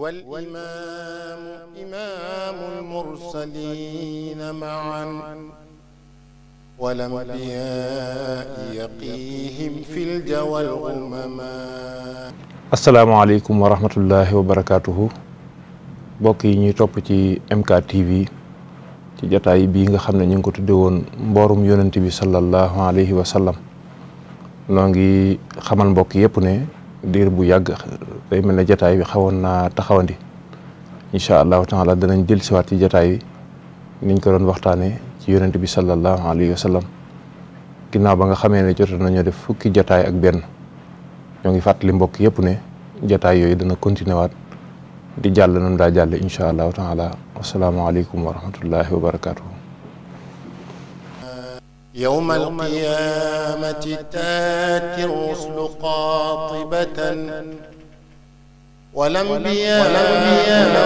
والإمام إمام المرسلين معا والأنبياء يقيهم في الجوى الغمما السلام عليكم ورحمة الله وبركاته mbokk yi ñuy topp ci MK TV ci jataay bii nga xam ne ñu ngi ko tudde woon mboorum yonent bi sallallahu alayhi wa sallam xamal mbokk yépp diir bu yàgg day mel ne jataay bi xawoon naa taxawandi incha allahu taala danañ dellu siwaat ci jataay niñ ko doon waxtaanee ci yonent bi sallallahu alayhi wa sallam ginnaaw ba nga xamee ne jot nañoo def fukki jataay ak benn ñoo ngi fàttali mbokk yëpp ne jataay yooyu dana continué waat di jàll nam daa jàll incha allahu taala wasalaamualeykum wa rahmatullahi wa barakatuh يوم القيامة تاتي الرسل قاطبة والأنبياء